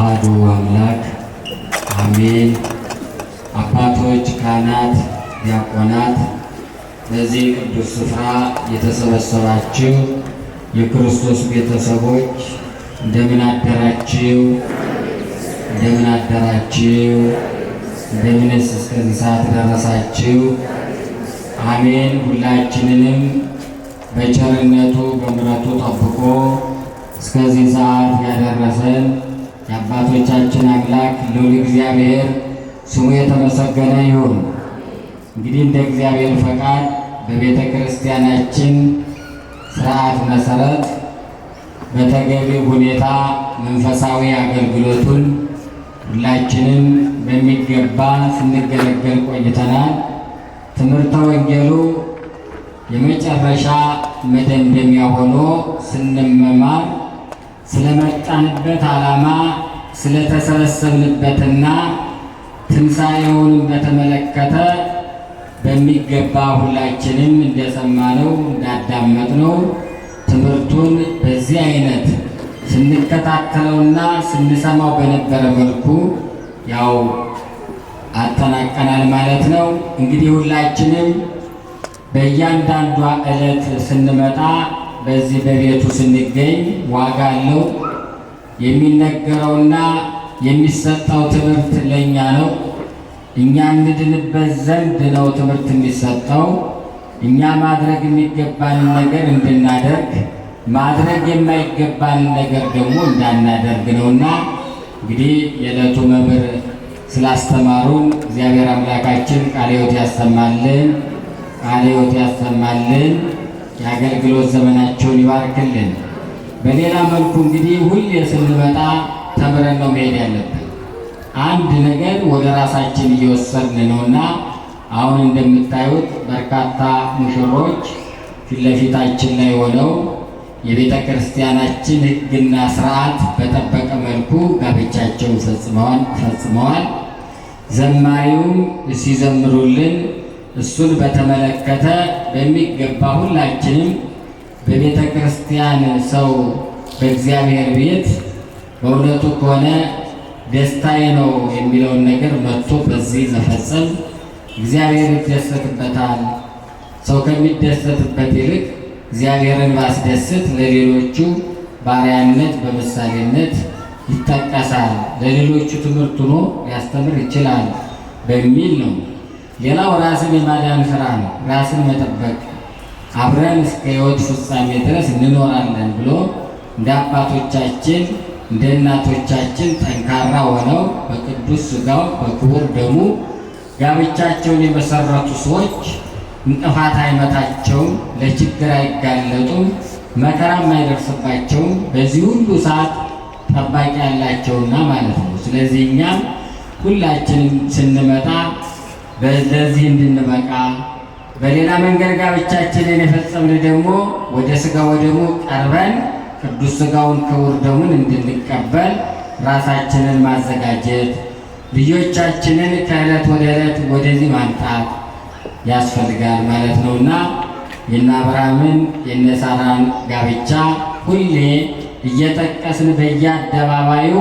አሐዱ አምላክ አሜን። አባቶች፣ ካህናት፣ ዲያቆናት በዚህ ቅዱስ ስፍራ የተሰበሰባችሁ የክርስቶስ ቤተሰቦች እንደምን አደራችሁ? እንደምን አደራችሁ? እንደምንስ እስከዚህ ሰዓት ደረሳችሁ? አሜን። ሁላችንንም በቸርነቱ በምሕረቱ ጠብቆ እስከዚህ ሰዓት ያደረሰን የአባቶቻችን አምላክ ልዑል እግዚአብሔር ስሙ የተመሰገነ ይሁን። እንግዲህ እንደ እግዚአብሔር ፈቃድ በቤተ ክርስቲያናችን ስርዓት መሰረት በተገቢ ሁኔታ መንፈሳዊ አገልግሎቱን ሁላችንም በሚገባ ስንገለገል ቆይተናል። ትምህርተ ወንጌሉ የመጨረሻ መደምደሚያ ሆኖ ስንመማር ስለመጣንበት ዓላማ ስለተሰበሰብንበትና ትንሣኤውንም በተመለከተ በሚገባ ሁላችንም እንደሰማነው እንዳዳመጥነው ትምህርቱን በዚህ አይነት ስንከታተለውና ስንሰማው በነበረ መልኩ ያው አጠናቀናል ማለት ነው። እንግዲህ ሁላችንም በእያንዳንዷ ዕለት ስንመጣ በዚህ በቤቱ ስንገኝ ዋጋ አለው። የሚነገረውና የሚሰጠው ትምህርት ለእኛ ነው። እኛ እንድንበት ዘንድ ነው ትምህርት የሚሰጠው። እኛ ማድረግ የሚገባንን ነገር እንድናደርግ፣ ማድረግ የማይገባንን ነገር ደግሞ እንዳናደርግ ነውና እንግዲህ የዕለቱ መምህር ስላስተማሩን እግዚአብሔር አምላካችን ቃለ ሕይወት ያሰማልን፣ ቃለ ሕይወት ያሰማልን። የአገልግሎት ዘመናቸውን ይባርክልን። በሌላ መልኩ እንግዲህ ሁሌ ስንመጣ ተምረን ነው መሄድ ያለብን። አንድ ነገር ወደ ራሳችን እየወሰድን ነውና አሁን እንደምታዩት በርካታ ሙሽሮች ፊት ለፊታችን ላይ ሆነው የቤተ ክርስቲያናችን ሕግና ስርዓት በጠበቀ መልኩ ጋብቻቸውን ፈጽመዋል። ዘማሪውም ሲዘምሩልን እሱን በተመለከተ በሚገባ ሁላችንም በቤተ ክርስቲያን ሰው በእግዚአብሔር ቤት በእውነቱ ከሆነ ደስታዬ ነው የሚለውን ነገር መጥቶ በዚህ መፈጸም እግዚአብሔር ይደሰትበታል። ሰው ከሚደሰትበት ይልቅ እግዚአብሔርን ባስደስት ለሌሎቹ ባሪያነት በምሳሌነት ይጠቀሳል። ለሌሎቹ ትምህርት ሆኖ ሊያስተምር ይችላል በሚል ነው። ሌላው ራስን የማዳን ስራ ነው። ራስን መጠበቅ አብረን እስከ ህይወት ፍጻሜ ድረስ እንኖራለን ብሎ እንደ አባቶቻችን እንደ እናቶቻችን ጠንካራ ሆነው በቅዱስ ስጋው በክቡር ደሙ ጋብቻቸውን የመሰረቱ ሰዎች እንቅፋት አይመታቸውም፣ ለችግር አይጋለጡም፣ መከራም አይደርስባቸውም። በዚህ ሁሉ ሰዓት ጠባቂ ያላቸውና ማለት ነው። ስለዚህ እኛም ሁላችንም ስንመጣ በዚህ እንድንበቃ በሌላ መንገድ ጋብቻችንን የፈጸምን ደግሞ ወደ ሥጋው ደግሞ ቀርበን ቅዱስ ስጋውን ክቡር ደሙን እንድንቀበል ራሳችንን ማዘጋጀት፣ ልጆቻችንን ከዕለት ወደ ዕለት ወደዚህ ማምጣት ያስፈልጋል ማለት ነውና የነ አብርሃምን የነ ሳራን ጋብቻ ሁሌ እየጠቀስን በየአደባባዩ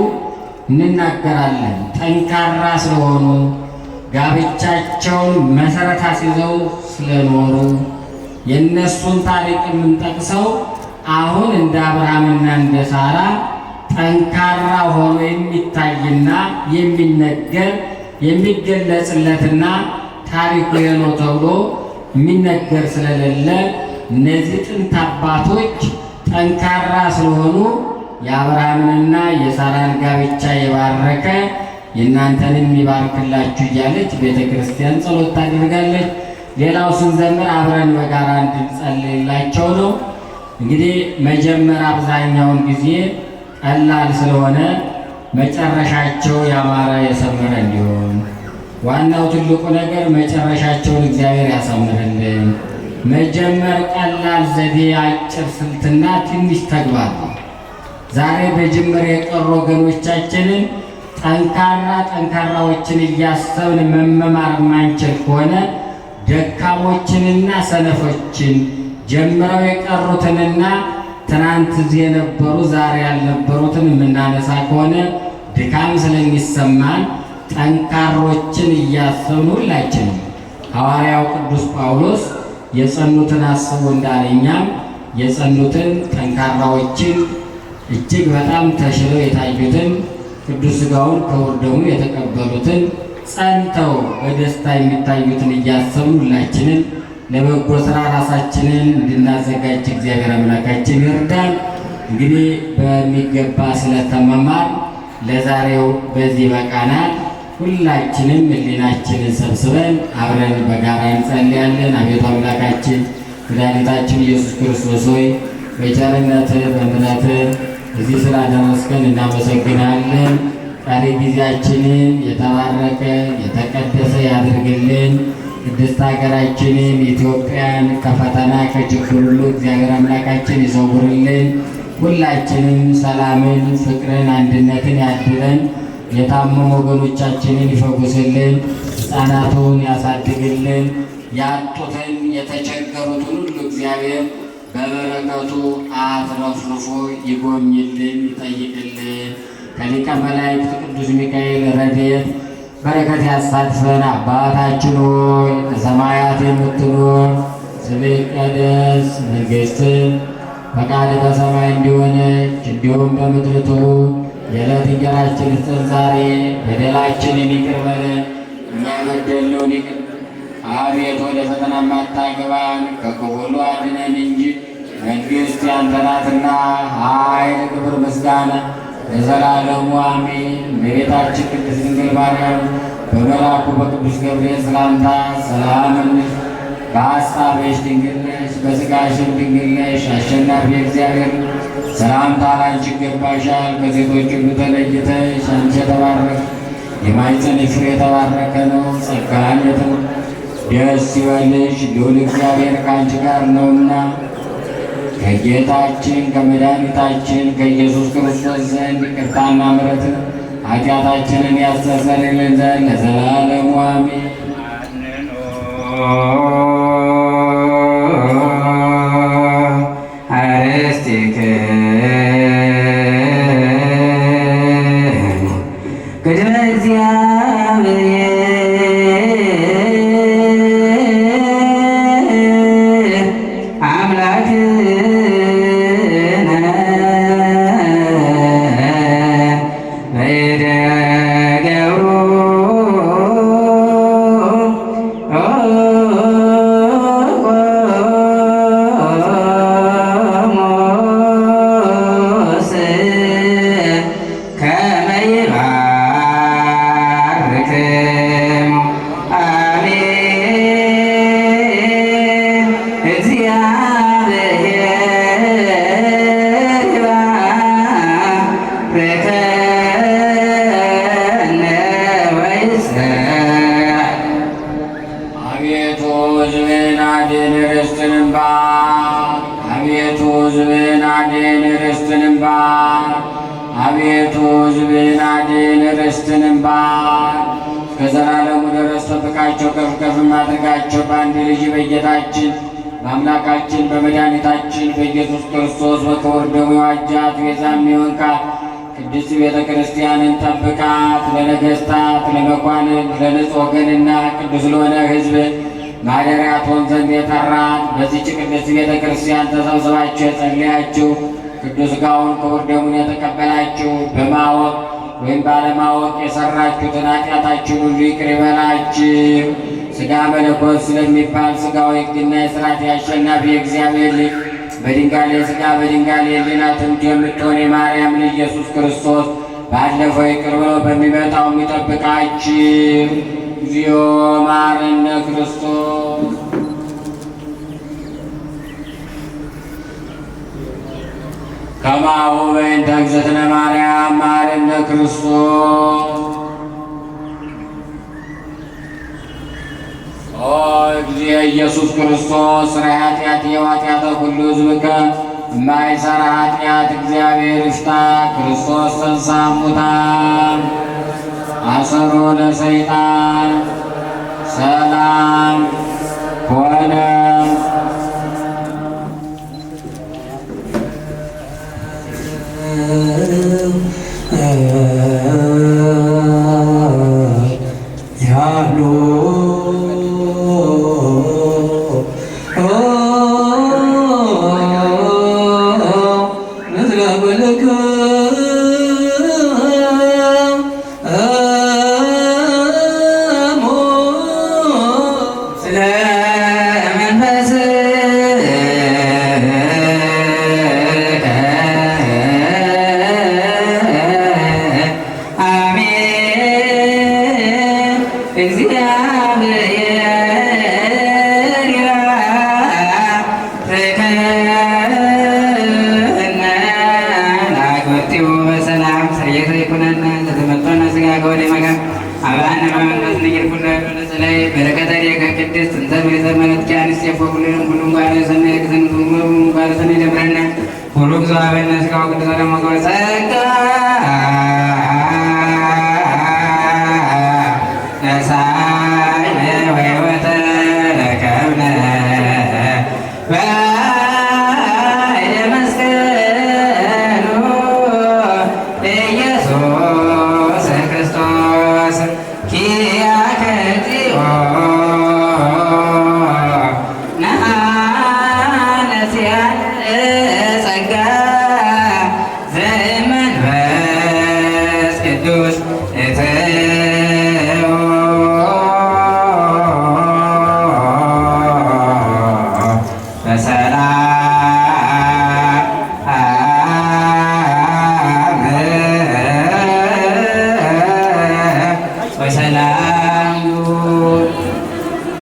እንናገራለን። ጠንካራ ስለሆኑ ጋብቻቸውን መሰረት አስይዘው ስለኖሩ የእነሱን ታሪክ የምንጠቅሰው አሁን እንደ አብርሃምና እንደ ሳራ ጠንካራ ሆኖ የሚታይና የሚነገር የሚገለጽለትና ታሪኩ የኖ ተብሎ የሚነገር ስለሌለ እነዚህ ጥንት አባቶች ጠንካራ ስለሆኑ የአብርሃምንና የሳራን ጋብቻ የባረከ የእናንተንም ይባርክላችሁ እያለች ቤተ ክርስቲያን ጸሎት ታደርጋለች። ሌላው ስንዘምር አብረን በጋራ እንድንጸልይላቸው ነው። እንግዲህ መጀመር አብዛኛውን ጊዜ ቀላል ስለሆነ መጨረሻቸው ያማረ የሰመረ እንዲሆን ዋናው ትልቁ ነገር መጨረሻቸውን እግዚአብሔር ያሳምርልን። መጀመር ቀላል ዘዴ፣ አጭር ስልትና ትንሽ ተግባር ነው። ዛሬ በጅምር የቀሩ ወገኖቻችንን ጠንካራ ጠንካራዎችን እያሰብን መመማር ማንችል ከሆነ ደካሞችንና ሰነፎችን ጀምረው የቀሩትንና ትናንት የነበሩ ዛሬ ያልነበሩትን የምናነሳ ከሆነ ድካም ስለሚሰማን ጠንካሮችን እያሰብን ሁላችንም ሐዋርያው ቅዱስ ጳውሎስ የጸኑትን አስቡ እንዳለኛም የጸኑትን ጠንካራዎችን እጅግ በጣም ተሽለው የታዩትን ቅዱስ ሥጋውን ክቡር ደሙን የተቀበሉትን ጸንተው በደስታ የሚታዩትን እያሰቡ ሁላችንን ለበጎ ስራ ራሳችንን እንድናዘጋጅ እግዚአብሔር አምላካችን ይርዳል። እንግዲህ በሚገባ ስለተመማር ለዛሬው በዚህ በቃናል። ሁላችንም ሕሊናችንን ሰብስበን አብረን በጋራ እንጸልያለን። አቤቱ አምላካችን መድኃኒታችን ኢየሱስ ክርስቶስ ሆይ በቸርነትህ በምሕረትህ እዚህ ስላደረስከን እናመሰግናለን። ቀሪ ጊዜያችንን የተባረከ የተቀደሰ ያድርግልን። ቅድስት ሀገራችንን ኢትዮጵያን ከፈተና ከችግር ሁሉ እግዚአብሔር አምላካችን ይሰውርልን። ሁላችንም ሰላምን፣ ፍቅርን፣ አንድነትን ያድለን። የታመሙ ወገኖቻችንን ይፈውስልን። ሕፃናቱን ያሳድግልን። ያጡትን የተቸገሩትን ሁሉ እግዚአብሔር በበረከቱ አትረፍርፎ ይጎብኝልን ይጠይቅልን። ከሊቀ መላእክት ቅዱስ ሚካኤል ረድኤት በረከት ያሳትፈን። አባታችን ሆይ በሰማያት የምትኖር ስምህ ይቀደስ፣ መንግሥትህ ፈቃድህ በሰማይ እንደሆነች እንዲሁም በምድር ትሁን። የዕለት እንጀራችንን ስጠን ዛሬ፣ በደላችንን ይቅር በለን እኛ የበደልነውን ይቅር አቤት ወደ ፈተና አታግባን ከክፉሉ አድነን እንጂ መንግሥት ያንተ ናትና፣ ኃይል፣ ክብር፣ ምስጋና ለዘላለሙ አሜን። እመቤታችን ቅድስት ድንግል ማርያም በመልአኩ በቅዱስ ገብርኤል ሰላምታ ሰላም ነሽ፣ በሐሳብሽ ድንግል ነሽ፣ በሥጋሽም ድንግል ነሽ። አሸናፊ እግዚአብሔር ሰላምታ ላንቺ ይገባሻል። ከሴቶች ሁሉ ተለይተሽ አንቺ የተባረክሽ የማኅፀንሽ ፍሬ የተባረከ ነው። ጸጋን ደስ ይበልሽ ልዑል እግዚአብሔር ከአንቺ ጋር ነውና ከጌታችን ከመድኃኒታችን ከኢየሱስ ክርስቶስ ዘንድ ይቅርታና ምሕረትን ኃጢአታችንን ያስተሰርይልን ዘንድ ለዘላለሙ አሜን። አቤቱ ሕዝብህን አድን ርስትንም ባል እስከ ዘላለሙ ድረስ ጠብቃቸው፣ ከፍ ከፍ አድርጋቸው በአንድ ልጅ በጌታችን በአምላካችን በመድኃኒታችን በኢየሱስ ክርስቶስ በክቡር ደሙ የዋጃት ቤዛም የሆንካት ቅድስት ቤተ ክርስቲያንን ጠብቃት። ለነገሥታት ለመኳንን፣ ለንጹሕ ወገንና ቅዱስ ለሆነ ሕዝብ ማደሪያ ትሆን ዘንድ የጠራት በዚች ቅድስት ቤተ ክርስቲያን ተሰብስባችሁ የጸለያችሁ ቅዱስ ሥጋውን ክቡር ደሙን የተቀበላችሁ በማወቅ ወይም ባለማወቅ የሰራችሁትን ኃጢአታችሁን ሁሉ ይቅር ይበላችሁ። ስጋ መለኮት ስለሚባል ስጋው ሕግና የሥርዓት አሸናፊ የእግዚአብሔር ልጅ በድንጋሌ ሥጋ በድንጋሌ ሕሊና ትምድ የምትሆን የማርያም ልጅ ኢየሱስ ክርስቶስ ባለፈው ይቅር ብሎ በሚመጣው የሚጠብቃችሁ እግዚኦ መሐረነ ክርስቶስ። ከማሁ በእንተ እግዝእትነ ማርያም መሐረነ ክርስቶስ ኦ እግዚእ ኢየሱስ ክርስቶስ ኃጢአት የኃጢአተ ሁሉ ሕዝብከ እማይሠራ ኃጢአት እግዚአብሔር ይፍታ። ክርስቶስ ተንሥአ እሙታን አሰሮ ለሰይጣን ሰላም ኮነ። يكونن تتمتعن سكاك ولمك أبان من يكون سلاي بركة ريكا كتير سنسا بيسا منت كان سيفو كلهم كلهم بارا سنة كتن كلهم بارا سنة لبرنا كلهم سوابين نسكاك تسرم وكل سكاك